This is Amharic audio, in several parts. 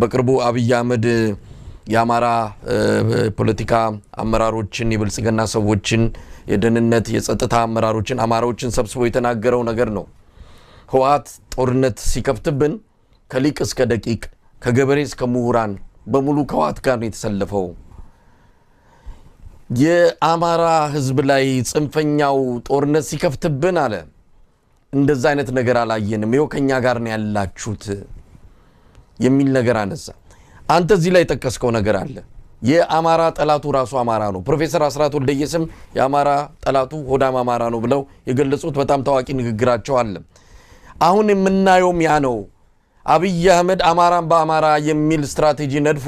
በቅርቡ አብይ አህመድ የአማራ ፖለቲካ አመራሮችን የብልጽግና ሰዎችን የደህንነት የጸጥታ አመራሮችን አማራዎችን ሰብስቦ የተናገረው ነገር ነው። ህወሓት ጦርነት ሲከፍትብን ከሊቅ እስከ ደቂቅ ከገበሬ እስከ ምሁራን በሙሉ ከህወሓት ጋር ነው የተሰለፈው። የአማራ ህዝብ ላይ ጽንፈኛው ጦርነት ሲከፍትብን አለ እንደዛ አይነት ነገር አላየንም። ይኸው ከኛ ጋር ነው ያላችሁት የሚል ነገር አነሳ። አንተ እዚህ ላይ የጠቀስከው ነገር አለ። የአማራ ጠላቱ ራሱ አማራ ነው። ፕሮፌሰር አስራት ወልደየስም የአማራ ጠላቱ ሆዳም አማራ ነው ብለው የገለጹት በጣም ታዋቂ ንግግራቸው አለ። አሁን የምናየውም ያ ነው። አብይ አህመድ አማራን በአማራ የሚል ስትራቴጂ ነድፎ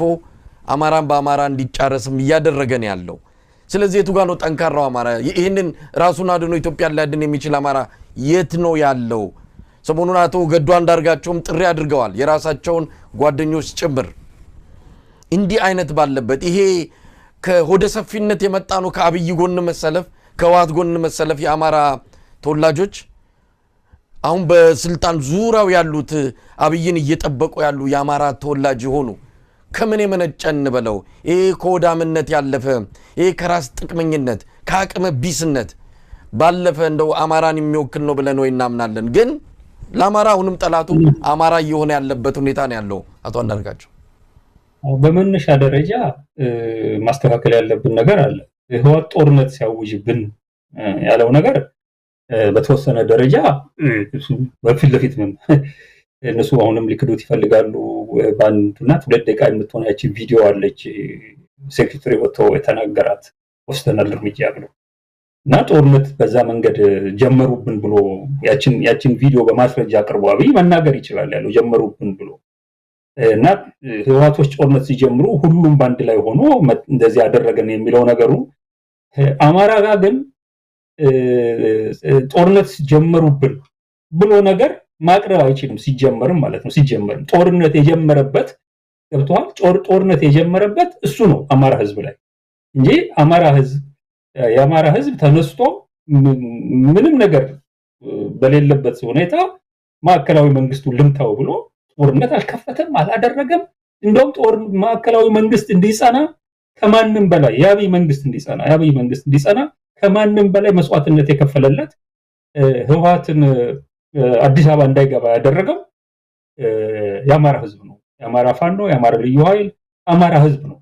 አማራን በአማራ እንዲጫረስም እያደረገን ያለው ስለዚህ የቱ ጋር ነው ጠንካራው አማራ? ይህንን ራሱን አድኖ ኢትዮጵያን ሊያድን የሚችል አማራ የት ነው ያለው? ሰሞኑን አቶ ገዱ አንዳርጋቸውም ጥሪ አድርገዋል፣ የራሳቸውን ጓደኞች ጭምር። እንዲህ አይነት ባለበት ይሄ ከሆደ ሰፊነት የመጣ ነው። ከአብይ ጎን መሰለፍ፣ ከህወሓት ጎን መሰለፍ የአማራ ተወላጆች አሁን በስልጣን ዙሪያው ያሉት አብይን እየጠበቁ ያሉ የአማራ ተወላጅ የሆኑ ከምን የመነጨን በለው ይሄ ከወዳምነት ያለፈ ይሄ ከራስ ጥቅመኝነት ከአቅመ ቢስነት ባለፈ እንደው አማራን የሚወክል ነው ብለን ወይ እናምናለን ግን ለአማራ አሁንም ጠላቱ አማራ እየሆነ ያለበት ሁኔታ ነው ያለው። አቶ አንዳርጋቸው በመነሻ ደረጃ ማስተካከል ያለብን ነገር አለ። ህወሓት ጦርነት ሲያውጅብን ያለው ነገር በተወሰነ ደረጃ በፊት ለፊት እነሱ አሁንም ሊክዱት ይፈልጋሉ። በአንዱና ሁለት ደቂቃ የምትሆናችን ቪዲዮ አለች። ሴክሬታሪ ወጥቶ የተናገራት ወስደናል እርምጃ ብለው እና ጦርነት በዛ መንገድ ጀመሩብን ብሎ ያችን ቪዲዮ በማስረጃ አቅርቦ አብይ መናገር ይችላል ያለው ጀመሩብን ብሎ እና ህወሓቶች ጦርነት ሲጀምሩ ሁሉም በአንድ ላይ ሆኖ እንደዚህ ያደረገን የሚለው ነገሩ አማራ ጋር ግን ጦርነት ጀመሩብን ብሎ ነገር ማቅረብ አይችልም። ሲጀመርም ማለት ነው ሲጀመርም ጦርነት የጀመረበት ገብተዋል። ጦርነት የጀመረበት እሱ ነው አማራ ህዝብ ላይ እንጂ አማራ ህዝብ የአማራ ህዝብ ተነስቶ ምንም ነገር በሌለበት ሁኔታ ማዕከላዊ መንግስቱ ልምታው ብሎ ጦርነት አልከፈተም፣ አላደረገም። እንደውም ጦር ማዕከላዊ መንግስት እንዲጸና ከማንም በላይ የአብይ መንግስት እንዲጸና የአብይ መንግስት እንዲጸና ከማንም በላይ መስዋዕትነት የከፈለለት ህወሀትን አዲስ አበባ እንዳይገባ ያደረገው የአማራ ህዝብ ነው። የአማራ ፋኖ፣ የአማራ ልዩ ኃይል፣ አማራ ህዝብ ነው።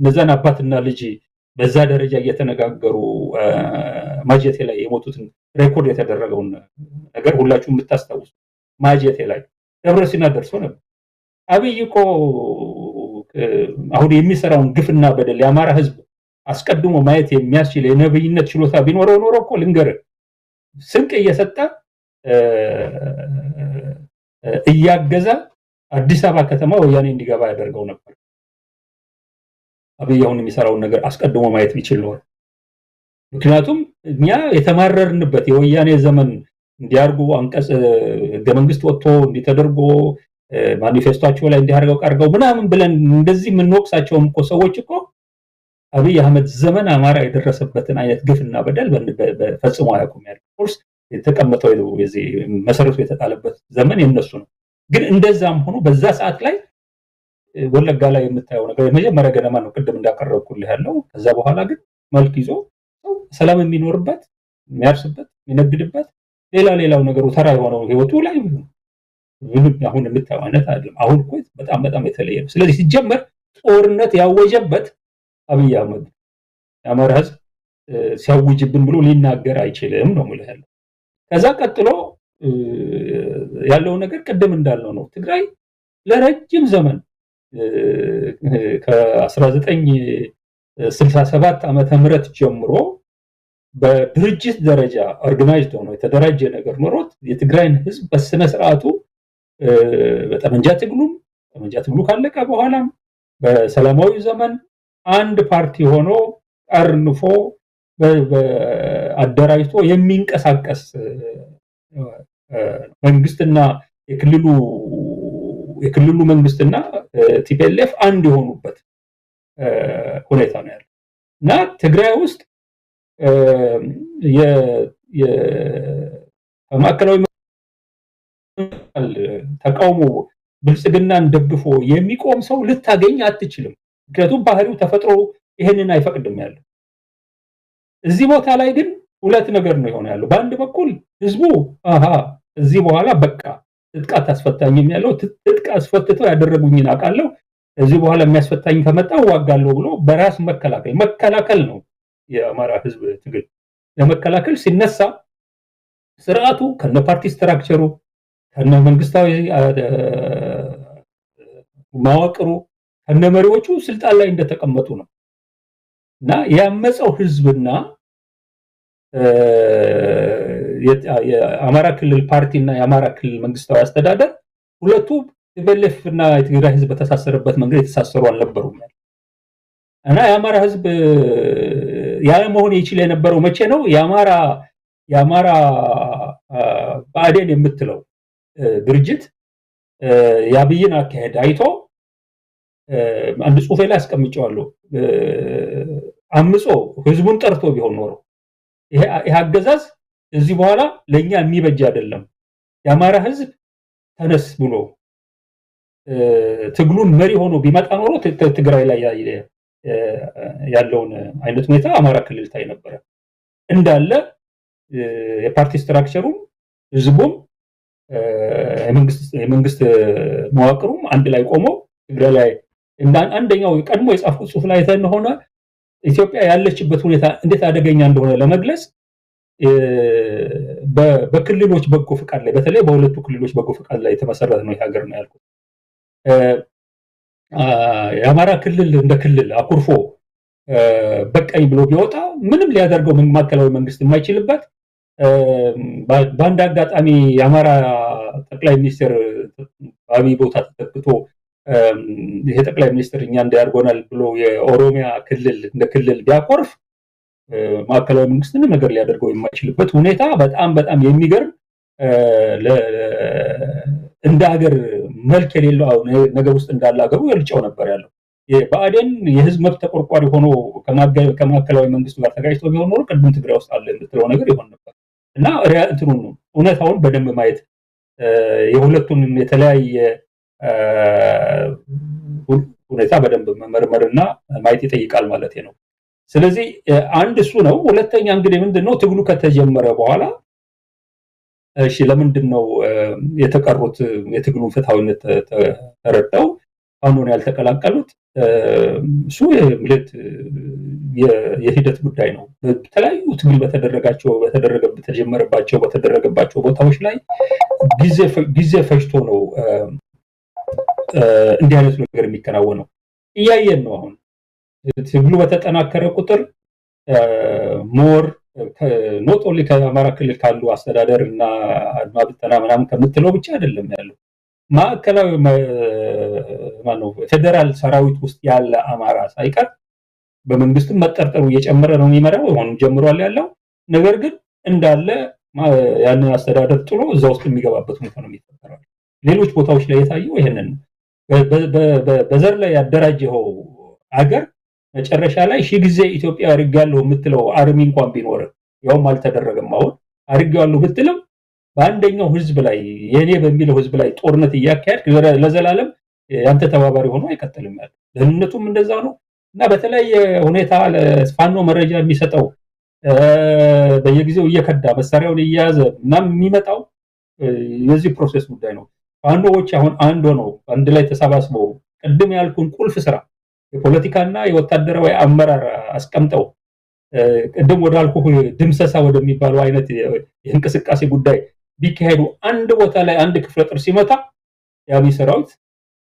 እነዛን አባትና ልጅ በዛ ደረጃ እየተነጋገሩ ማጀቴ ላይ የሞቱትን ሬኮርድ የተደረገውን ነገር ሁላችሁ የምታስታውሱ ማጀቴ ላይ ደብረ ሲና ደርሶ ነበር። አብይ እኮ አሁን የሚሰራውን ግፍና በደል የአማራ ህዝብ አስቀድሞ ማየት የሚያስችል የነብይነት ችሎታ ቢኖረው ኖሮ እኮ ልንገር ስንቅ እየሰጠ እያገዛ አዲስ አበባ ከተማ ወያኔ እንዲገባ ያደርገው ነበር። አብይ አሁን የሚሰራውን ነገር አስቀድሞ ማየት ቢችል ነው። ምክንያቱም እኛ የተማረርንበት የወያኔ ዘመን እንዲያርጉ አንቀጽ ህገ መንግስት ወጥቶ እንዲተደርጎ ማኒፌስቷቸው ላይ እንዲያርገው ቀርገው ምናምን ብለን እንደዚህ የምንወቅሳቸውም እኮ ሰዎች እኮ አብይ አህመድ ዘመን አማራ የደረሰበትን አይነት ግፍና በደል ፈጽሞ አያውቁም። ያለ ኮርስ የተቀመጠው መሰረቱ የተጣለበት ዘመን የነሱ ነው። ግን እንደዛም ሆኖ በዛ ሰዓት ላይ ወለጋ ላይ የምታየው ነገር የመጀመሪያ ገደማ ነው፣ ቅድም እንዳቀረብኩልህ ያለው። ከዛ በኋላ ግን መልክ ይዞ ሰላም የሚኖርበት የሚያርስበት፣ የሚነግድበት ሌላ ሌላው ነገሩ ተራ የሆነው ህይወቱ ላይ ምንም አሁን የምታየው አይነት አይደለም። አሁን እኮ በጣም በጣም የተለየ ነው። ስለዚህ ሲጀመር ጦርነት ያወጀበት አብይ አህመድ የአማራ ህዝብ ሲያውጅብን ብሎ ሊናገር አይችልም ነው የምልህ ያለው። ከዛ ቀጥሎ ያለው ነገር ቅድም እንዳለው ነው። ትግራይ ለረጅም ዘመን ከ1967 ዓመተ ምህረት ጀምሮ በድርጅት ደረጃ ኦርጋናይዝ ሆኖ የተደራጀ ነገር ኖሮት የትግራይን ህዝብ በስነ ስርዓቱ በጠመንጃ ትግሉም ጠመንጃ ትግሉ ካለቀ በኋላም በሰላማዊ ዘመን አንድ ፓርቲ ሆኖ ጠርንፎ አደራጅቶ የሚንቀሳቀስ መንግስትና የክልሉ የክልሉ መንግስትና ቲፒኤልኤፍ አንድ የሆኑበት ሁኔታ ነው ያለው እና ትግራይ ውስጥ ማዕከላዊ ተቃውሞ ብልጽግናን ደግፎ የሚቆም ሰው ልታገኝ አትችልም። ምክንያቱም ባህሪው ተፈጥሮ ይህንን አይፈቅድም ያለው። እዚህ ቦታ ላይ ግን ሁለት ነገር ነው የሆነ ያለው። በአንድ በኩል ህዝቡ እዚህ በኋላ በቃ ትጥቅ አታስፈታኝም ያለው ትጥቅ አስፈትተው ያደረጉኝን አውቃለሁ፣ እዚህ በኋላ የሚያስፈታኝ ከመጣ እዋጋለሁ ብሎ በራስ መከላከል መከላከል ነው የአማራ ህዝብ ትግል። ለመከላከል ሲነሳ ስርዓቱ ከነ ፓርቲ ስትራክቸሩ ከነ መንግስታዊ ማዋቅሩ ከነ መሪዎቹ ስልጣን ላይ እንደተቀመጡ ነው እና ያመፀው ህዝብና የአማራ ክልል ፓርቲ እና የአማራ ክልል መንግስታዊ አስተዳደር ሁለቱ ቲፒኤልኤፍ እና የትግራይ ህዝብ በተሳሰረበት መንገድ የተሳሰሩ አልነበሩም እና የአማራ ህዝብ ያለ መሆን ይችል የነበረው መቼ ነው? የአማራ የአማራ ብአዴን የምትለው ድርጅት የአብይን አካሄድ አይቶ አንድ ጽሁፌ ላይ አስቀምጨዋለሁ። አምጾ ህዝቡን ጠርቶ ቢሆን ኖሮ ይሄ አገዛዝ እዚህ በኋላ ለእኛ የሚበጅ አይደለም። የአማራ ህዝብ ተነስ ብሎ ትግሉን መሪ ሆኖ ቢመጣ ኖሮ ትግራይ ላይ ያለውን አይነት ሁኔታ አማራ ክልል ታይ ነበረ። እንዳለ የፓርቲ ስትራክቸሩም ህዝቡም የመንግስት መዋቅሩም አንድ ላይ ቆሞ ትግራይ ላይ አንደኛው ቀድሞ የጻፍኩት ጽሁፍ ላይ ተን ኢትዮጵያ ያለችበት ሁኔታ እንዴት አደገኛ እንደሆነ ለመግለጽ በክልሎች በጎ ፍቃድ ላይ በተለይ በሁለቱ ክልሎች በጎ ፍቃድ ላይ የተመሰረተ ነው ሀገር ነው ያልኩት። የአማራ ክልል እንደ ክልል አኩርፎ በቀኝ ብሎ ቢወጣ ምንም ሊያደርገው ማዕከላዊ መንግስት የማይችልበት በአንድ አጋጣሚ የአማራ ጠቅላይ ሚኒስትር አብይ ቦታ ተተክቶ ይሄ ጠቅላይ ሚኒስትር እኛ እንዲያደርጎናል ብሎ የኦሮሚያ ክልል እንደ ክልል ቢያኮርፍ ማዕከላዊ መንግስት ምንም ነገር ሊያደርገው የማይችልበት ሁኔታ በጣም በጣም የሚገርም እንደ ሀገር መልክ የሌለው ነገር ውስጥ እንዳለ ሀገሩ የልጫው ነበር ያለው። ብአዴን የህዝብ መብት ተቆርቋሪ ሆኖ ከማዕከላዊ መንግስቱ ጋር ተጋጭቶ ቢሆን ኖሮ ቅድም ትግራይ ውስጥ አለ የምትለው ነገር ይሆን ነበር እና እንትኑን እውነታውን በደንብ ማየት የሁለቱን የተለያየ ሁኔታ በደንብ መመርመርና ማየት ይጠይቃል ማለት ነው። ስለዚህ አንድ እሱ ነው። ሁለተኛ እንግዲህ ምንድነው ትግሉ ከተጀመረ በኋላ እሺ ለምንድን ነው የተቀሩት የትግሉን ፍትሐዊነት ተረዳው ፋኖን ያልተቀላቀሉት? እሱ ምለት የሂደት ጉዳይ ነው። በተለያዩ ትግል በተደረጋቸው በተጀመረባቸው በተደረገባቸው ቦታዎች ላይ ጊዜ ፈጅቶ ነው እንዲህ አይነቱ ነገር የሚከናወነው። እያየን ነው አሁን ትግሉ በተጠናከረ ቁጥር ሞር ኖት ኦንሊ ከአማራ ክልል ካሉ አስተዳደር እና አድማ ብጠና ምናምን ከምትለው ብቻ አይደለም ያለው ማዕከላዊ ማነው ፌዴራል ሰራዊት ውስጥ ያለ አማራ ሳይቀር በመንግስትም መጠርጠሩ እየጨመረ ነው የሚመራው ሆኑ ጀምሯል ያለው ነገር ግን እንዳለ ያንን አስተዳደር ጥሎ እዛ ውስጥ የሚገባበት ሁኔታ ነው የሚፈጠረው። ሌሎች ቦታዎች ላይ የታየው ይህንን በዘር ላይ ያደራጀው አገር መጨረሻ ላይ ሺህ ጊዜ ኢትዮጵያ አድርጌያለሁ የምትለው አርሚ እንኳን ቢኖር ያውም አልተደረገም። አሁን አድርጌያለሁ ብትልም በአንደኛው ህዝብ ላይ የኔ በሚለው ህዝብ ላይ ጦርነት እያካሄድክ ለዘላለም ያንተ ተባባሪ ሆኖ አይቀጥልም። ያለ ደህንነቱም እንደዛ ነው እና በተለያየ ሁኔታ ለፋኖ መረጃ የሚሰጠው በየጊዜው እየከዳ መሳሪያውን እየያዘ እና የሚመጣው የዚህ ፕሮሴስ ጉዳይ ነው። ፋኖዎች አሁን አንድ ሆነው አንድ ላይ ተሰባስበው ቅድም ያልኩን ቁልፍ ስራ የፖለቲካና የወታደራዊ አመራር አስቀምጠው ቅድም ወደ አልኩ ድምሰሳ ወደሚባለው አይነት የእንቅስቃሴ ጉዳይ ቢካሄዱ አንድ ቦታ ላይ አንድ ክፍለ ጥር ሲመታ የአብይ ሰራዊት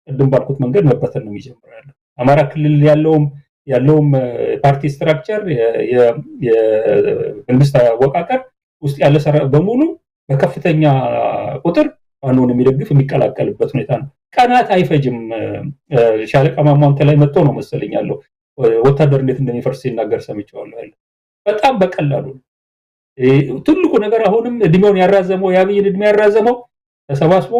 ቅድም ባልኩት መንገድ መበተን ነው የሚጀምረው አማራ ክልል ያለውም ያለውም ፓርቲ ስትራክቸር የመንግስት አወቃቀር ውስጥ ያለ በሙሉ በከፍተኛ ቁጥር ፋኖን የሚደግፍ የሚቀላቀልበት ሁኔታ ነው። ቀናት አይፈጅም። ሻለቃ ማሞ ላይ መጥቶ ነው መሰለኝ ያለው ወታደር እንዴት እንደሚፈርስ ሲናገር ሰምቼዋለሁ ያለ በጣም በቀላሉ ትልቁ ነገር አሁንም እድሜውን ያራዘመው የአብይን እድሜ ያራዘመው ተሰባስቦ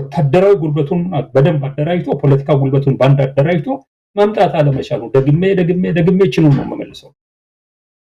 ወታደራዊ ጉልበቱን በደንብ አደራጅቶ ፖለቲካ ጉልበቱን በአንድ አደራጅቶ መምጣት አለመቻሉ ደግሜ ደግሜ ደግሜ ችኑ ነው መመልሰው።